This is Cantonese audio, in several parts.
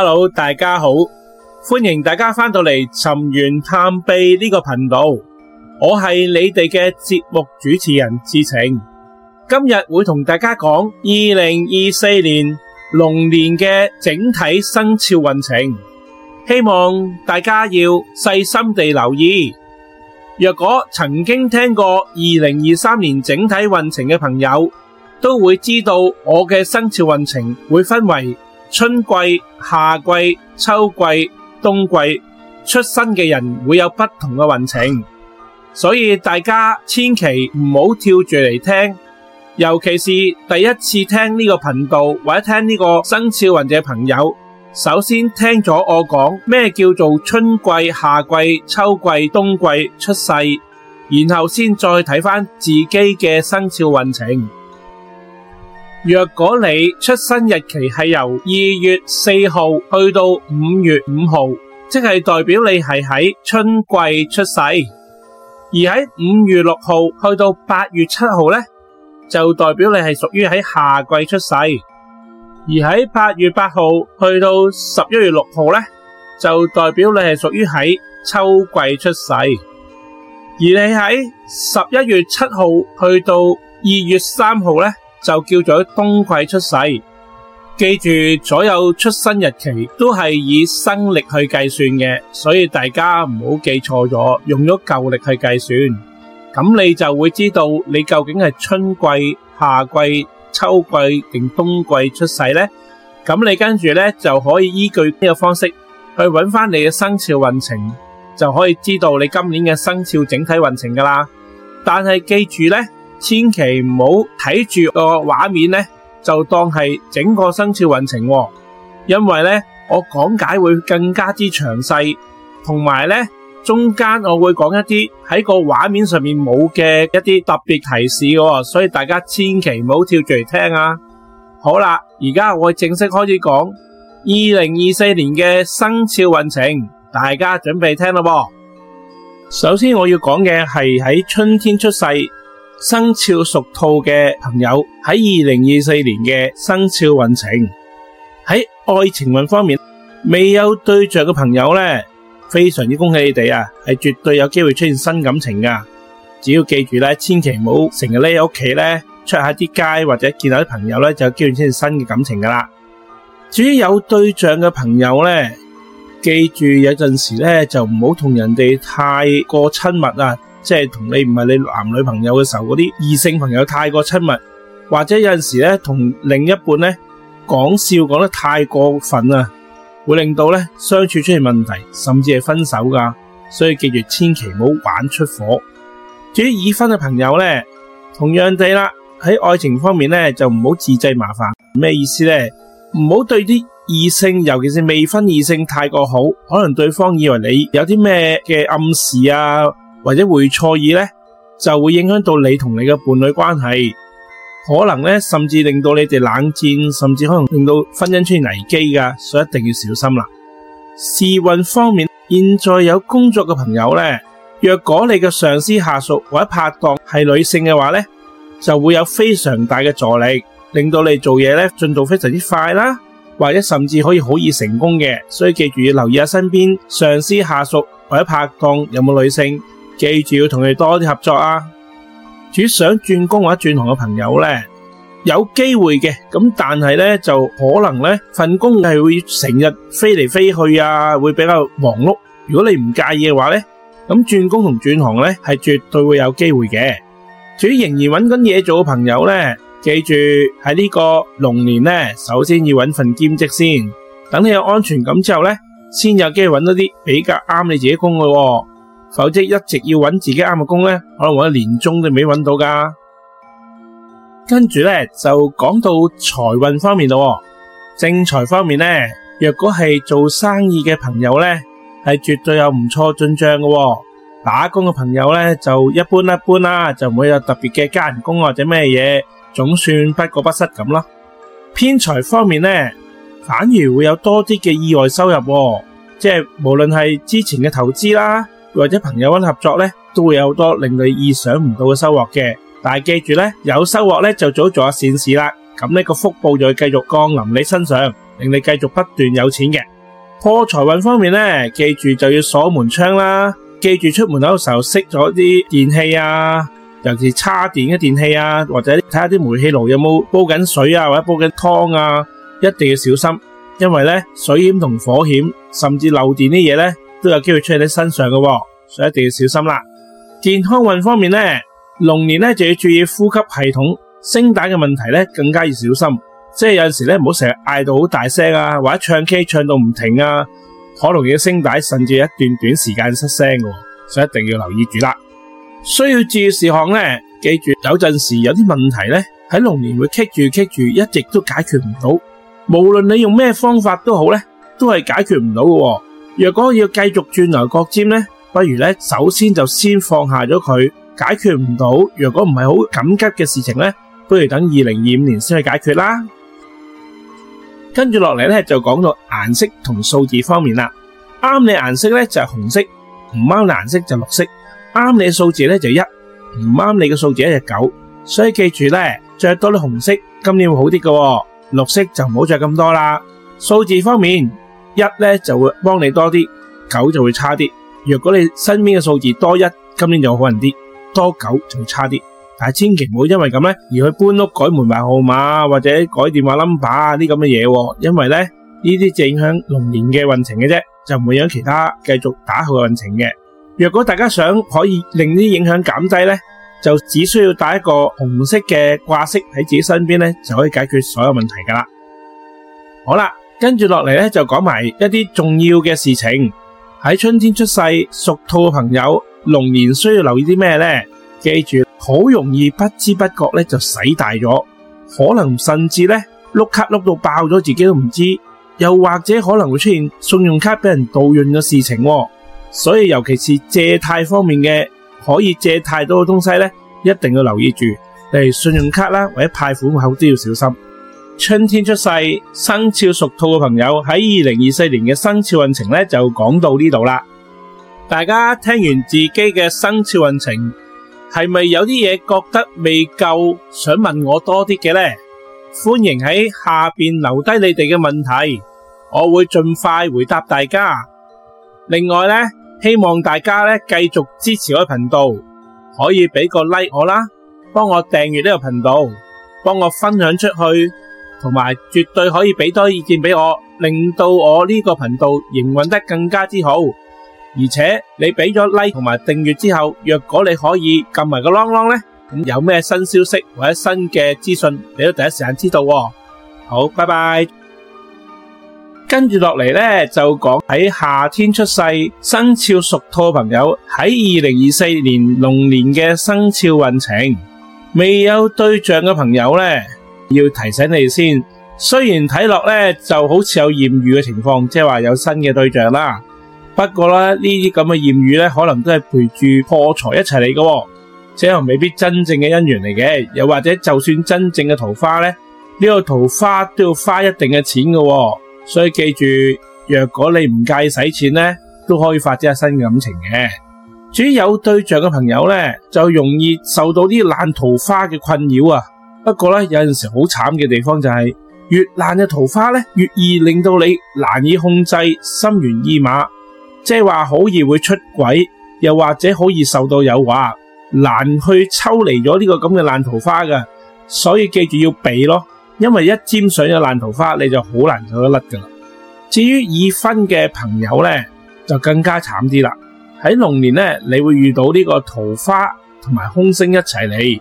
Hello，大家好，歡迎大家翻到嚟尋源探秘呢個頻道，我係你哋嘅節目主持人智澄，今日會同大家講二零二四年龍年嘅整體生肖運程，希望大家要細心地留意。若果曾經聽過二零二三年整體運程嘅朋友，都會知道我嘅生肖運程會分為，春季、夏季、秋季、冬季出生嘅人會有不同嘅運程，所以大家千祈唔好跳住嚟聽，尤其是第一次聽呢個頻道或者聽呢個生肖運嘅朋友，首先聽咗我講咩叫做春季、夏季、秋季、冬季出世，然後先再睇翻自己嘅生肖運程。若果你出生日期係由二月四號去到五月五號，即係代表你係喺春季出世；而喺五月六號去到八月七號咧，就代表你係屬於喺夏季出世；而喺八月八號去到十一月六號咧，就代表你係屬於喺秋季出世；而你喺十一月七號去到二月三號咧。就叫做千祈唔好睇住個畫面呢，就當係整個生肖運程，因為呢我講解會更加之詳細，同埋呢中間我會講一啲喺個畫面上面冇嘅一啲特別提示嘅，所以大家千祈唔好跳住嚟聽啊！好啦，而家我正式開始講二零二四年嘅生肖運程，大家準備聽咯。首先我要講嘅係喺春天出世。生肖屬兔嘅朋友喺二零二四年嘅生肖運程，喺愛情運方面，未有對象嘅朋友呢，非常之恭喜你哋啊，係絕對有機會出現新感情㗎。只要記住呢，千祈唔好成日匿喺屋企咧，出下啲街或者見到啲朋友咧，就有機會出現新嘅感情㗎啦。至於有對象嘅朋友呢，記住有陣時咧就唔好同人哋太過親密啊。即係同你唔係你男女朋友嘅時候，嗰啲異性朋友太過親密，或者有陣時咧同另一半咧講笑講得太過分啊，會令到咧相處出現問題，甚至係分手噶。所以記住，千祈唔好玩出火。至於已婚嘅朋友咧，同樣地啦，喺愛情方面咧就唔好自製麻煩。咩意思咧？唔好對啲異性，尤其是未婚異性太過好，可能對方以為你有啲咩嘅暗示啊。或者會錯意咧，就會影響到你同你嘅伴侶關係，可能咧甚至令到你哋冷戰，甚至可能令到婚姻出現危機噶，所以一定要小心啦。事運方面，現在有工作嘅朋友咧，若果你嘅上司、下屬或者拍檔係女性嘅話咧，就會有非常大嘅助力，令到你做嘢咧進度非常之快啦，或者甚至可以好易成功嘅。所以記住要留意下身邊上司、下屬或者拍檔有冇女性。記住要同佢多啲合作啊！至於想轉工或者轉行嘅朋友呢，有機會嘅，咁但係呢就可能呢份工係會成日飛嚟飛去啊，會比較忙碌。如果你唔介意嘅話呢，咁轉工同轉行呢係絕對會有機會嘅。至於仍然揾緊嘢做嘅朋友呢，記住喺呢個龍年呢，首先要揾份兼職先，等你有安全感之後呢，先有機會揾到啲比較啱你自己工嘅。否則一直要揾自己啱嘅工呢，可能我一年中都未揾到噶。跟住呢，就講到財運方面咯喎。正財方面呢，若果係做生意嘅朋友呢，係絕對有唔錯進賬嘅喎。打工嘅朋友呢，就一般一般啦，就唔會有特別嘅加人工或者咩嘢，總算不過不失咁咯。偏財方面呢，反而會有多啲嘅意外收入喎，即係無論係之前嘅投資啦。或者朋友搵合作咧，都會有好多令你意想唔到嘅收穫嘅。但係記住咧，有收穫咧就早做下善事啦。咁呢個福報就會繼續降臨你身上，令你繼續不斷有錢嘅。破財運方面咧，記住就要鎖門窗啦。記住出門口嘅時候熄咗啲電器啊，尤其是叉電嘅電器啊，或者睇下啲煤氣爐有冇煲緊水啊，或者煲緊湯啊，一定要小心，因為咧，水險同火險，甚至漏電啲嘢咧。都有機會出現喺身上嘅哦，所以一定要小心啦。健康運方面呢，龍年呢就要注意呼吸系統、聲帶嘅問題呢，更加要小心。即係有陣時呢，唔好成日嗌到好大聲啊，或者唱 K 唱到唔停啊，可能要聲帶甚至一段短時間失聲嘅，所以一定要留意住啦。需要注意事項呢，記住有陣時有啲問題呢喺龍年會棘住棘住，一直都解決唔到，無論你用咩方法都好呢，都係解決唔到嘅喎。若果要繼續鑽牛角尖呢，不如呢，首先就先放下咗佢，解決唔到。若果唔係好緊急嘅事情呢，不如等二零二五年先去解決啦。跟住落嚟咧就講到顏色同數字方面啦。啱你顏色呢，就係紅色，唔啱你顏色就是綠色。啱你數字呢，就一，唔啱你嘅數字就一只九。所以記住呢，着多啲紅色，今年會好啲㗎喎。綠色就唔好着咁多啦。數字方面。一咧就會幫你多啲，九就會差啲。若果你身邊嘅數字多一，今年就好人啲；多九就會差啲。但係千祈唔好因為咁咧而去搬屋、改門牌號碼或者改電話 number 啊啲咁嘅嘢，因為咧呢啲只影響龍年嘅運程嘅啫，就唔會影響其他繼續打後嘅運程嘅。若果大家想可以令呢啲影響減低咧，就只需要帶一個紅色嘅掛飾喺自己身邊咧，就可以解決所有問題噶啦。好啦。跟住落嚟呢，就講埋一啲重要嘅事情。喺春天出世屬兔嘅朋友，龍年需要留意啲咩呢？記住，好容易不知不覺呢就使大咗，可能甚至呢，碌卡碌到爆咗，自己都唔知道。又或者可能會出現信用卡俾人盜用嘅事情，所以尤其是借貸方面嘅，可以借貸到嘅東西呢，一定要留意住，例如信用卡啦，或者貸款戶口都要小心。春天出世，生肖屬兔嘅朋友喺二零二四年嘅生肖運程咧，就講到呢度啦。大家聽完自己嘅生肖運程，係咪有啲嘢覺得未夠，想問我多啲嘅咧？歡迎喺下邊留低你哋嘅問題，我會盡快回答大家。另外咧，希望大家咧繼續支持我嘅頻道，可以俾個 like 我啦，幫我訂閱呢個頻道，幫我分享出去。同埋絕對可以俾多意見俾我，令到我呢個頻道營運得更加之好。而且你俾咗 like 同埋訂閱之後，若果你可以撳埋個朗朗咧，咁有咩新消息或者新嘅資訊，你都第一時間知道喎。好，拜拜。跟住落嚟咧，就講喺夏天出世生肖屬兔朋友喺二零二四年龍年嘅生肖運程，未有對象嘅朋友咧，要提醒你先，雖然睇落咧就好似有艷遇嘅情況，即係話有新嘅對象啦。不過咧，呢啲咁嘅艷遇咧，可能都係陪住破財一齊嚟嘅，且又未必真正嘅姻緣嚟嘅。又或者就算真正嘅桃花咧，呢個桃花都要花一定嘅錢嘅。所以記住，若果你唔介意使錢咧，都可以發展下新感情嘅。至於有對象嘅朋友咧，就容易受到啲爛桃花嘅困擾啊。不過咧，有陣時好慘嘅地方就係越爛嘅桃花咧，越易令到你難以控制心猿意馬，即係話好易會出軌，又或者好易受到誘惑，難去抽離咗呢個咁嘅爛桃花嘅。所以記住要避咯，因為一沾上咗爛桃花，你就好難走得甩噶啦。至於已婚嘅朋友咧，就更加慘啲啦。喺龍年咧，你會遇到呢個桃花同埋空星一齊嚟，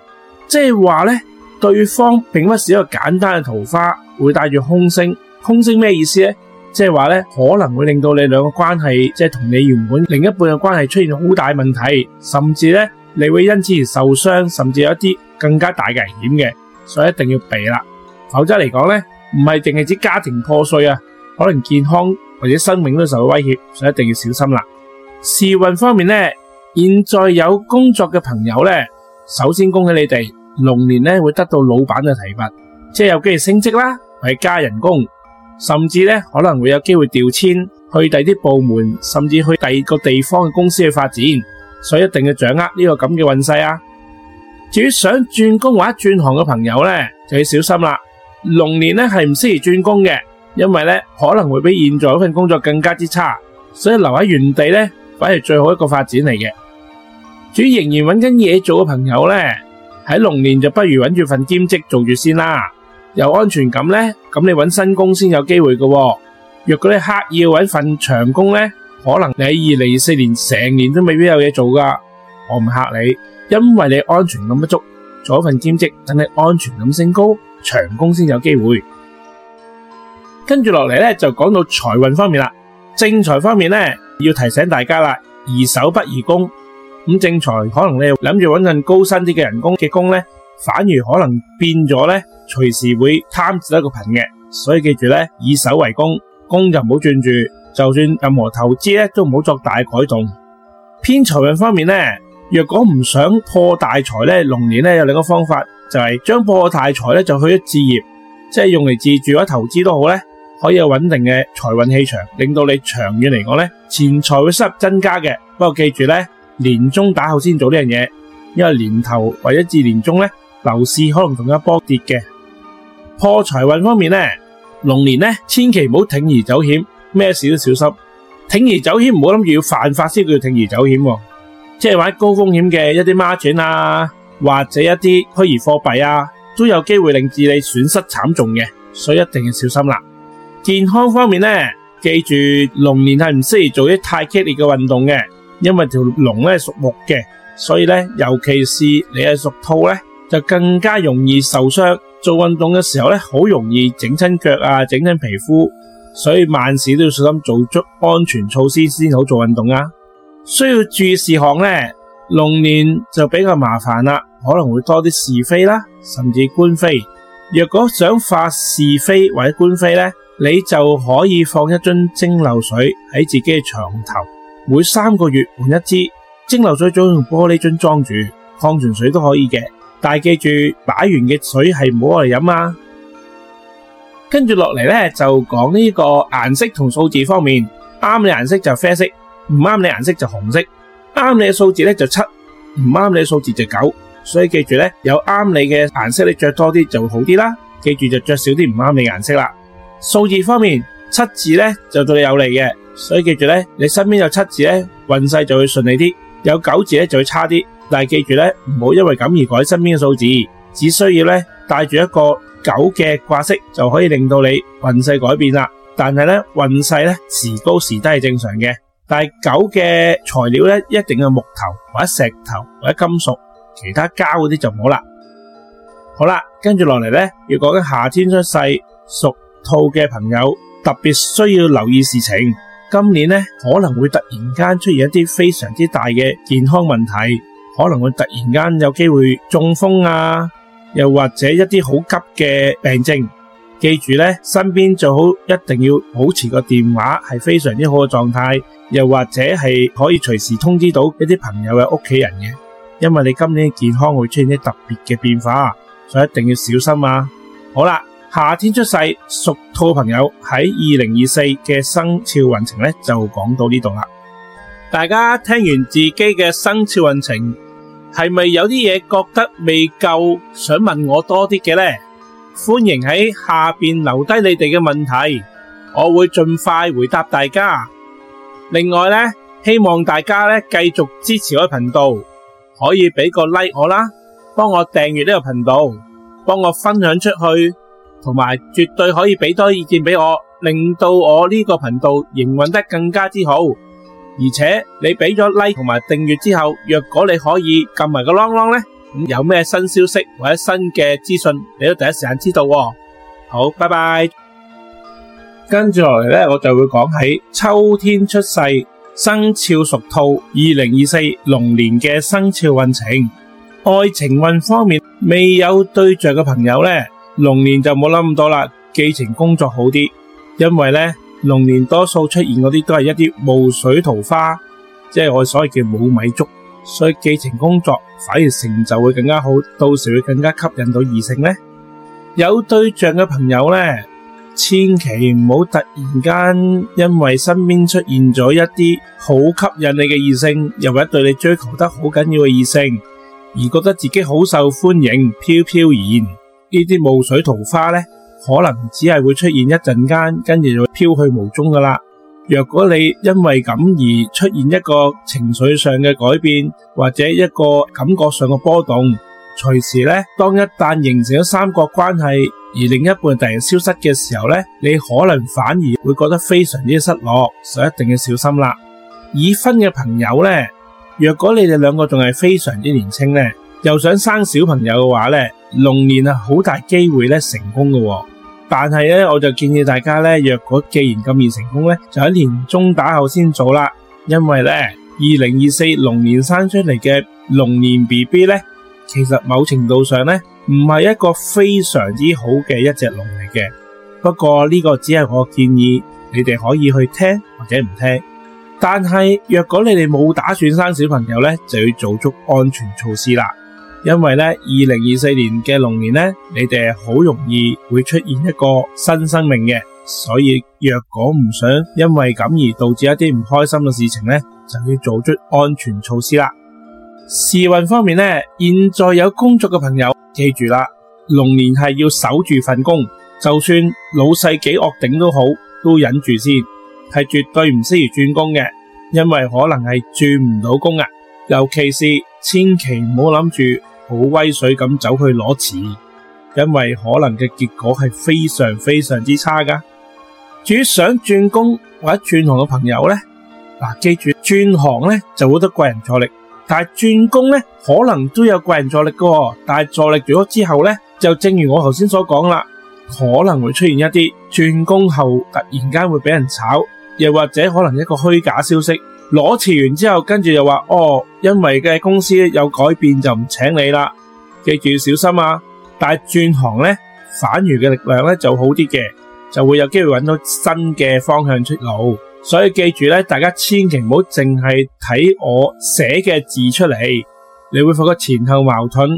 即係話咧。對方並不是一個簡單嘅桃花，會帶住凶星。凶星咩意思呢？即係話可能會令到你兩個關係，即係同你原本另一半嘅關係出現好大問題，甚至呢，你會因此而受傷，甚至有一啲更加大嘅危險嘅，所以一定要避啦。否則嚟講呢，唔係淨係指家庭破碎啊，可能健康或者生命都受到威脅，所以一定要小心啦。時運方面呢，現在有工作嘅朋友呢，首先恭喜你哋。龍年呢，會得到老闆嘅提拔，即係有機會升職啦，或者加人工，甚至呢可能會有機會調遷去第二啲部門，甚至去第二個地方嘅公司去發展。所以一定要掌握呢個咁嘅運勢啊。至於想轉工或者轉行嘅朋友呢，就要小心啦。龍年呢係唔適宜轉工嘅，因為呢可能會比現在嗰份工作更加之差，所以留喺原地呢反而最好一個發展嚟嘅。至於仍然揾緊嘢做嘅朋友呢？喺龍年就不如揾住份兼職做住先啦，有安全感呢，咁你揾新工先有機會噶喎。若果你刻意要揾份長工呢，可能你二零二四年成年都未必有嘢做噶。我唔嚇你，因為你安全感不足，做一份兼職，等你安全感升高，長工先有機會。跟住落嚟呢，就講到財運方面啦。正財方面呢，要提醒大家啦，宜守不宜攻。咁正財可能你諗住搵份高薪啲嘅人工嘅工呢，反而可能變咗咧，隨時會貪字一個貧嘅。所以記住呢，以守為攻，攻就唔好轉住。就算任何投資咧，都唔好作大改動。偏財運方面呢，若果唔想破大財咧，龍年咧有另一個方法就係、是、將破大財咧就去咗置業，即係用嚟自住或者投資都好呢，可以有穩定嘅財運氣場，令到你長遠嚟講呢，錢財會失增加嘅。不過記住呢。年終打後先做呢樣嘢，因為年頭或者至年終呢，樓市可能仲有一波跌嘅。破財運方面呢，龍年呢，千祈唔好鋌而走險，咩事都小心。鋌而走險唔好諗住要犯法先叫鋌而走險，即係玩高風險嘅一啲孖展啊，或者一啲虛擬貨幣啊，都有機會令至你損失慘重嘅，所以一定要小心啦。健康方面呢，記住龍年係唔適宜做啲太激烈嘅運動嘅。因為條龍咧屬木嘅，所以咧尤其是你係屬兔咧，就更加容易受傷。做運動嘅時候咧，好容易整親腳啊，整親皮膚，所以萬事都要小心，做足安全措施先好做運動啊。需要注意事項咧，龍年就比較麻煩啦，可能會多啲是非啦，甚至官非。若果想發是非或者官非咧，你就可以放一樽蒸餾水喺自己嘅床頭。每三個月換一支蒸餾水，最好用玻璃樽裝住，礦泉水都可以嘅。但係記住擺完嘅水係唔好攞嚟飲啊。跟住落嚟咧就講呢個顏色同數字方面，啱你顏色就是啡色，唔啱你顏色就紅色。啱你嘅數字咧就七，唔啱你嘅數字就九。所以記住咧，有啱你嘅顏色你着多啲就好啲啦。記住就着少啲唔啱你顏色啦。數字方面，七字咧就對你有利嘅。所以記住咧，你身邊有七字咧，運勢就會順利啲；有九字咧，就會差啲。但係記住咧，唔好因為咁而改身邊嘅數字，只需要咧帶住一個九嘅掛飾就可以令到你運勢改變啦。但係咧，運勢咧時高時低係正常嘅。但係九嘅材料咧，一定係木頭或者石頭或者金屬，其他膠嗰啲就唔好啦。好啦，跟住落嚟咧，如果喺夏天出世屬兔嘅朋友，特別需要留意事情。今年呢，可能會突然間出現一啲非常之大嘅健康問題，可能會突然間有機會中風啊，又或者一啲好急嘅病症。記住呢，身邊最好一定要保持個電話係非常之好嘅狀態，又或者係可以隨時通知到一啲朋友嘅屋企人嘅，因為你今年嘅健康會出現啲特別嘅變化，所以一定要小心啊！好啦。夏天出世，屬兔朋友喺二零二四嘅生肖運程咧，就講到呢度啦。大家聽完自己嘅生肖運程，係咪有啲嘢覺得未夠？想問我多啲嘅咧，歡迎喺下邊留低你哋嘅問題，我會盡快回答大家。另外咧，希望大家咧繼續支持我嘅頻道，可以俾個 like 我啦，幫我訂閱呢個頻道，幫我分享出去。同埋絕對可以俾多意見俾我，令到我呢個頻道營運得更加之好。而且你俾咗 like 同埋訂閱之後，若果你可以撳埋個 long long 咧，咁有咩新消息或者新嘅資訊，你都第一時間知道喎。好，拜拜。跟住落嚟咧，我就會講喺秋天出世，生肖屬兔，二零二四龍年嘅生肖運程，愛情運方面未有對象嘅朋友咧，龍年就冇諗咁多啦，寄情工作好啲，因為呢龍年多數出現嗰啲都係一啲霧水桃花，即係我所謂叫冇米粥，所以寄情工作反而成就會更加好，到時會更加吸引到異性呢。有對象嘅朋友呢，千祈唔好突然間因為身邊出現咗一啲好吸引你嘅異性，又或者對你追求得好緊要嘅異性，而覺得自己好受歡迎，飄飄然。呢啲霧水桃花呢，可能只係會出現一陣間，跟住就會飄去無蹤噶啦。若果你因為咁而出現一個情緒上嘅改變，或者一個感覺上嘅波動，隨時呢，當一旦形成咗三角關係，而另一半突然消失嘅時候呢，你可能反而會覺得非常之失落，所以一定要小心啦。已婚嘅朋友呢，若果你哋兩個仲係非常之年輕呢。又想生小朋友嘅話呢龍年啊，好大機會咧成功噶喎。但係咧，我就建議大家咧，若果既然咁易成功咧，就喺年中打後先做啦。因為咧，二零二四龍年生出嚟嘅龍年 BB 咧，其實某程度上咧唔係一個非常之好嘅一隻龍嚟嘅。不過呢個只係我建議，你哋可以去聽或者唔聽。但係若果你哋冇打算生小朋友咧，就要做足安全措施啦。因為咧，二零二四年嘅龍年咧，你哋好容易會出現一個新生命嘅，所以若果唔想因為咁而導致一啲唔開心嘅事情咧，就要做出安全措施啦。時運方面咧，現在有工作嘅朋友記住啦，龍年係要守住份工，就算老細幾惡頂都好，都忍住先，係絕對唔適宜轉工嘅，因為可能係轉唔到工啊。尤其是千祈唔好諗住好威水咁走去攞錢，因為可能嘅結果係非常非常之差噶至於想轉工或者轉行嘅朋友呢，嗱、啊，記住轉行呢就會有貴人助力，但係轉工呢可能都有貴人助力噶，但係助力咗之後呢，就正如我頭先所講啦，可能會出現一啲轉工後突然間會俾人炒，又或者可能一個虛假消息。攞辭完之後，跟住又話哦，因為嘅公司有改變，就唔請你啦。記住要小心啊！但係轉行咧，反而嘅力量咧就好啲嘅，就會有機會揾到新嘅方向出路。所以記住咧，大家千祈唔好淨係睇我寫嘅字出嚟，你會發覺前後矛盾。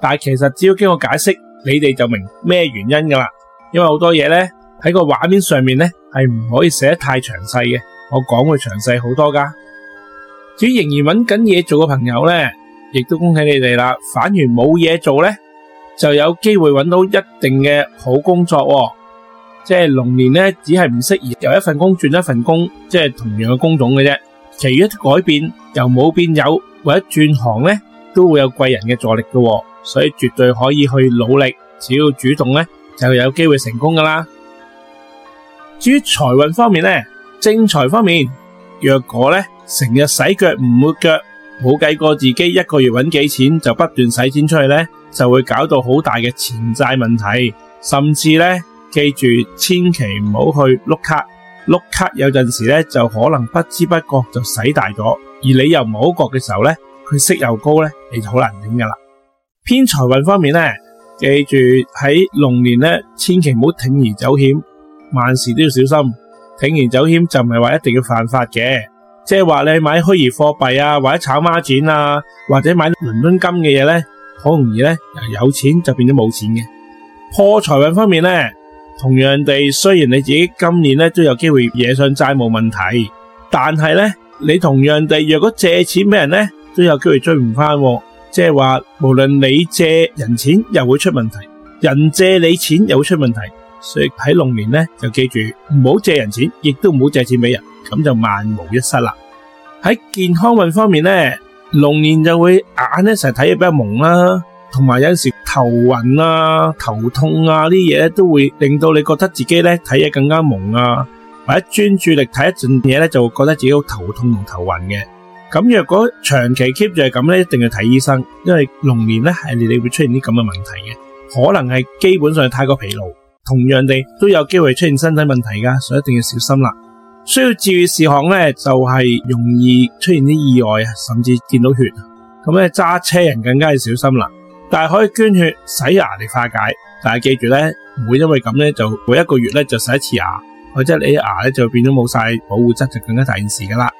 但其實只要經過解釋，你哋就明咩原因㗎喇。因為好多嘢咧喺個畫面上面咧係唔可以寫得太詳細嘅。我講會詳細好多噶。至於仍然揾緊嘢做嘅朋友咧，亦都恭喜你哋啦。反而冇嘢做咧，就有機會揾到一定嘅好工作喎。即係龍年咧，只係唔適宜由一份工轉一份工，即係同樣嘅工種嘅啫。其餘嘅改變又冇變有，或者轉行咧，都會有貴人嘅助力嘅。所以絕對可以去努力，只要主動咧，就有機會成功噶啦。至於財運方面咧，正財方面，若果咧成日洗腳唔抹腳，冇計過自己一個月揾幾錢就不斷使錢出去咧，就會搞到好大嘅欠債問題，甚至咧記住千祈唔好去碌卡，碌卡有陣時咧就可能不知不覺就使大咗，而你又唔好覺嘅時候咧，佢息又高咧，你就好難頂噶啦。偏財運方面咧，記住喺龍年咧，千祈唔好鋌而走險，萬事都要小心。鋌而走險就唔係話一定要犯法嘅，即係話你買虛擬貨幣啊，或者炒孖展啊，或者買啲倫敦金嘅嘢咧，好容易咧，由有錢就變咗冇錢嘅。破財運方面咧，同樣地，雖然你自己今年咧都有機會惹上債務問題，但係咧，你同樣地若果借錢俾人咧，都有機會追唔翻。即係話，無論你借人錢又會出問題，人借你錢又會出問題。所以喺龍年咧，就記住唔好借人錢，亦都唔好借錢俾人，咁就萬無一失啦。喺健康運方面呢，龍年就會眼一成日睇嘢比較蒙啦、啊，同埋有陣時頭暈啊、頭痛啊啲嘢都會令到你覺得自己咧睇嘢更加蒙啊，或者專注力睇一陣嘢咧，就覺得自己好頭痛同頭暈嘅。咁若果長期 keep 住係咁咧，一定要睇醫生，因為龍年咧係你你會出現啲咁嘅問題嘅，可能係基本上太過疲勞。同樣地都有機會出現身體問題噶，所以一定要小心啦。需要注意事項咧，就係、是、容易出現啲意外啊，甚至見到血。咁咧揸車人更加要小心啦。但係可以捐血、洗牙嚟化解，但係記住咧，唔會因為咁咧就每一個月咧就洗一次牙，或者你啲牙咧就變咗冇晒保護質，就更加大件事噶啦。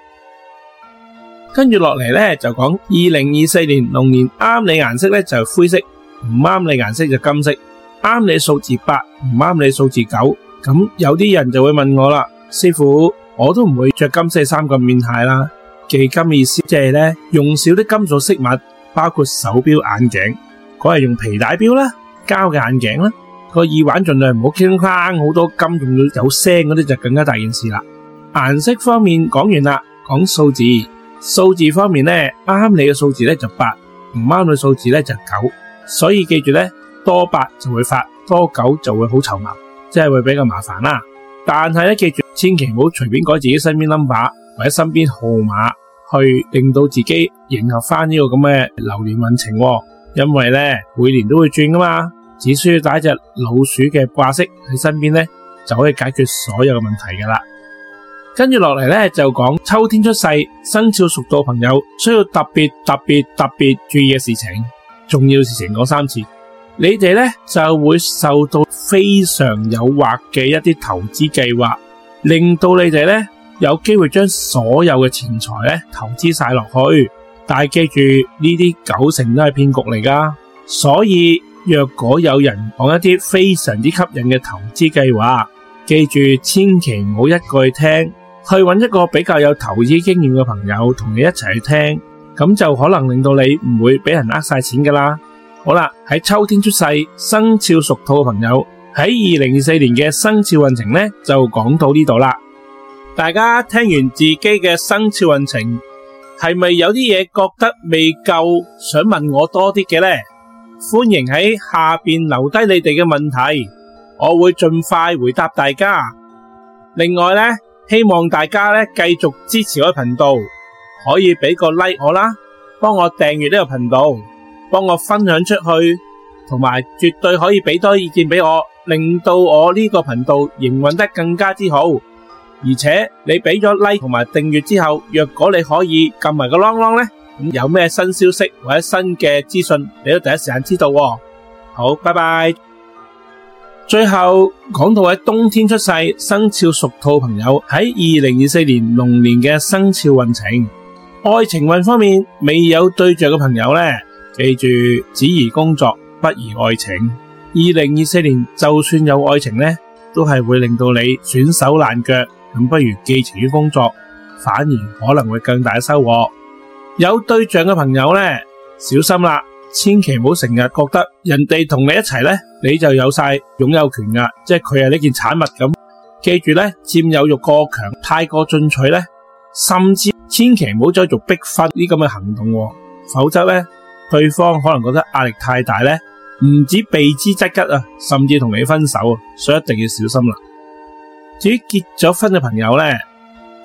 跟住落嚟咧就講二零二四年龍年，啱你顏色咧就是、灰色，唔啱你顏色就金色。啱你數字八唔啱你數字九，咁有啲人就會問我啦，師傅我都唔會着金色衫咁面態啦。忌金意思就係、是、咧用少啲金屬飾物，包括手表、眼鏡，嗰係用皮帶表啦、膠嘅眼鏡啦，個耳環盡量唔好傾框，好多金，仲要有聲嗰啲就更加大件事啦。顏色方面講完啦，講數字，數字方面呢，啱你嘅數字呢就八，唔啱你數字呢就九，所以記住呢。多八就會發，多九就會好稠密，即係會比較麻煩啦。但係咧，記住千祈唔好隨便改自己身邊 number 或者身邊號碼，去令到自己迎合翻呢個咁嘅流年運程。因為咧每年都會轉噶嘛，只需要帶一隻老鼠嘅掛飾喺身邊咧，就可以解決所有嘅問題噶啦。跟住落嚟咧就講秋天出世生,生肖屬兔朋友需要特別特別特別注意嘅事情，重要事情講三次。你哋呢就會受到非常誘惑嘅一啲投資計劃，令到你哋呢有機會將所有嘅錢財呢投資晒落去。但係記住呢啲九成都係騙局嚟噶，所以若果有人講一啲非常之吸引嘅投資計劃，記住千祈唔好一個人去聽，去搵一個比較有投資經驗嘅朋友同你一齊去聽，咁就可能令到你唔會俾人呃晒錢噶啦。好啦，喺秋天出世，生肖屬兔嘅朋友喺二零二四年嘅生肖運程呢，就講到呢度啦。大家聽完自己嘅生肖運程，係咪有啲嘢覺得未夠，想問我多啲嘅呢？歡迎喺下面留低你哋嘅問題，我會盡快回答大家。另外呢，希望大家呢繼續支持我嘅頻道，可以俾個 like 我啦，幫我訂閱呢個頻道。幫我分享出去，同埋絕對可以俾多意見俾我，令到我呢個頻道營運得更加之好。而且你俾咗 like 同埋訂閱之後，若果你可以撳埋個 long long 咧，咁有咩新消息或者新嘅資訊，你都第一時間知道喎。好，拜拜。最後講到喺冬天出世生肖屬兔朋友喺二零二四年龍年嘅生肖運程，愛情運方面未有對象嘅朋友咧。記住，只宜工作，不宜愛情。二零二四年就算有愛情呢，都係會令到你損手爛腳。咁不如寄情於工作，反而可能會更大嘅收穫。有對象嘅朋友呢，小心啦，千祈唔好成日覺得人哋同你一齊呢，你就有晒擁有權㗎，即係佢係呢件產物咁。記住呢，佔有欲過強，太過進取呢，甚至千祈唔好再做逼婚呢咁嘅行動喎，否則呢。對方可能覺得壓力太大咧，唔止避之則吉啊，甚至同你分手啊，所以一定要小心啦。至於結咗婚嘅朋友咧，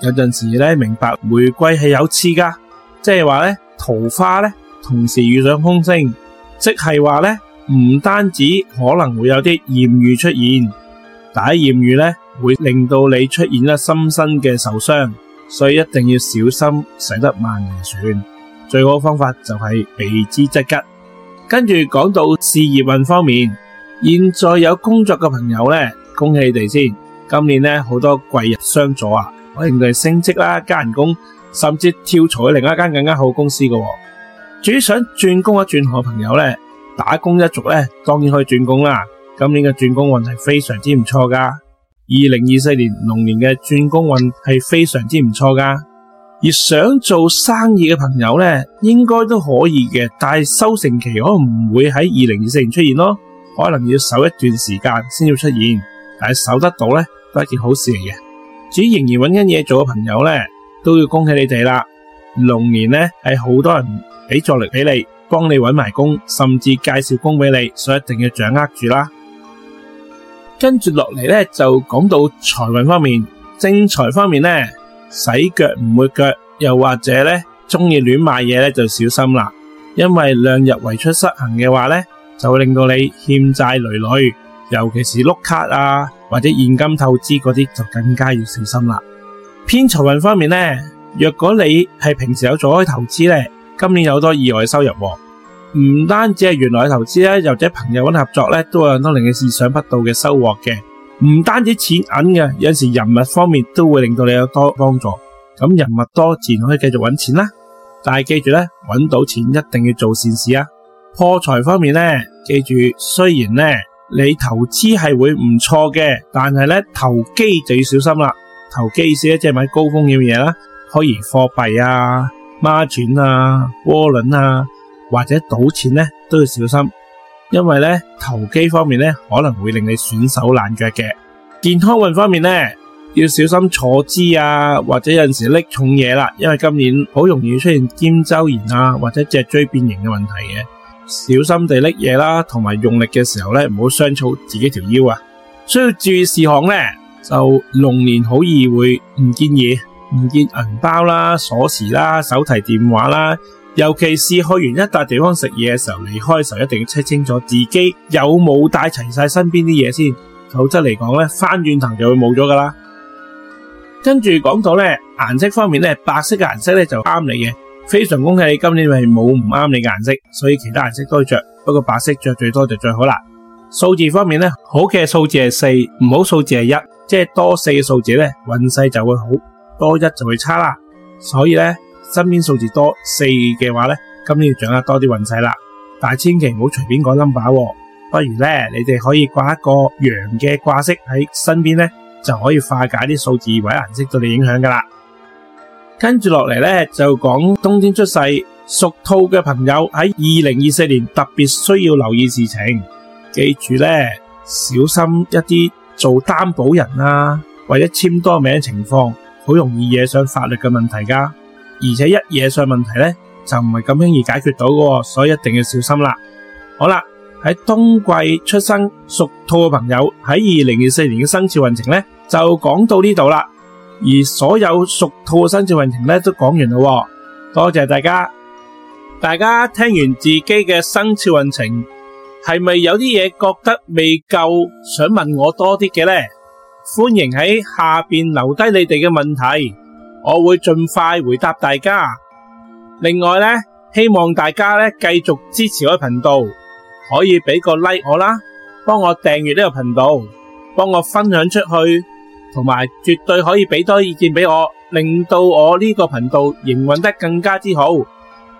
有陣時咧，明白玫瑰係有刺噶即係話咧，桃花咧同時遇上空星，即係話咧，唔單止可能會有啲艷遇出現，但係艷遇咧會令到你出現得深深嘅受傷，所以一定要小心，使得萬年船。最好的方法就係避之則吉。跟住講到事業運方面，現在有工作嘅朋友咧，恭喜你哋先。今年咧，好多貴人相助啊，令到你升職啦、加人工，甚至跳槽去另一間更加好公司噶喎。至於想轉工一轉嘅朋友咧，打工一族咧，當然可以轉工啦。今年嘅轉工運係非常之唔錯噶。二零二四年龍年嘅轉工運係非常之唔錯噶。而想做生意嘅朋友呢，應該都可以嘅，但係收成期可能唔會喺二零二四年出現咯，可能要守一段時間先要出現，但係守得到呢，都係一件好事嚟嘅。至於仍然揾緊嘢做嘅朋友呢，都要恭喜你哋啦！龍年呢，係好多人俾助力俾你，幫你揾埋工，甚至介紹工俾你，所以一定要掌握住啦。跟住落嚟呢，就講到財運方面、正財方面呢。洗腳唔抹腳，又或者呢中意，亂買嘢咧就小心啦，因為量入為出失衡嘅話呢，就會令到你欠債累累，尤其是碌卡啊，或者現金透支嗰啲就更加要小心啦。偏財運方面呢，若果你係平時有做開投資呢，今年有很多意外收入，唔單止係原來嘅投資又或者朋友搵合作呢，都有令你意想不到嘅收穫嘅。唔單止錢銀嘅，有陣時人物方面都會令到你有多幫助。咁人物多，自然可以繼續搵錢啦。但係記住呢，搵到錢一定要做善事啊！破財方面呢，記住雖然呢你投資係會唔錯嘅，但係呢，投機就要小心啦。投機先即係買高風險嘢啦，可以貨幣啊、孖展啊、窩輪啊，或者賭錢呢，都要小心。因為咧，投機方面咧，可能會令你損手爛腳嘅。健康運方面咧，要小心坐姿啊，或者有陣時拎重嘢啦，因為今年好容易出現肩周炎啊或者脊椎變形嘅問題嘅，小心地拎嘢啦，同埋用力嘅時候咧，唔好傷到自己條腰啊。需要注意事項咧，就龍年好易會唔見嘢、唔見銀包啦、鎖匙啦、手提電話啦。尤其是去完一笪地方食嘢嘅時候，離開嘅時候一定要 check 清楚自己有冇帶齊晒身邊啲嘢先，否則嚟講咧返轉頭就會冇咗噶啦。跟住講到咧顏色方面咧，白色嘅顏色咧就啱你嘅，非常恭喜你今年係冇唔啱你嘅顏色，所以其他顏色都可以着，不過白色着最多就最好啦。數字方面咧，好嘅數字係四，唔好數字係一，即係多四嘅數字咧，運勢就會好，多一就會差啦，所以呢。身邊數字多四嘅話呢，今年要掌握多啲運勢啦。但係千祈唔好隨便改 number、啊、不如呢，你哋可以掛一個陽嘅掛飾喺身邊呢，就可以化解啲數字或者顏色對你影響噶啦。跟住落嚟呢，就講冬天出世屬兔嘅朋友喺二零二四年特別需要留意事情，記住呢，小心一啲做擔保人啦，啊，或者簽多名情況，好容易惹上法律嘅問題噶、啊。而且一惹上問題咧，就唔係咁輕易解決到嘅，所以一定要小心啦。好啦，喺冬季出生屬兔嘅朋友喺二零二四年嘅生肖運程咧，就講到呢度啦。而所有屬兔嘅生肖運程咧都講完啦，多謝大家。大家聽完自己嘅生肖運程，係咪有啲嘢覺得未夠，想問我多啲嘅咧？歡迎喺下邊留低你哋嘅問題。我會盡快回答大家。另外咧，希望大家咧繼續支持我嘅頻道，可以俾個 like 我啦，幫我訂閱呢個頻道，幫我分享出去，同埋絕對可以俾多意見俾我，令到我呢個頻道營運得更加之好。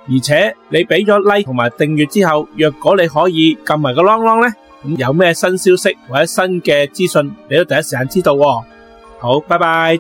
而且你俾咗 like 同埋訂閱之後，若果你可以撳埋個啷啷咧，咁有咩新消息或者新嘅資訊，你都第一時間知道喎。好，拜拜。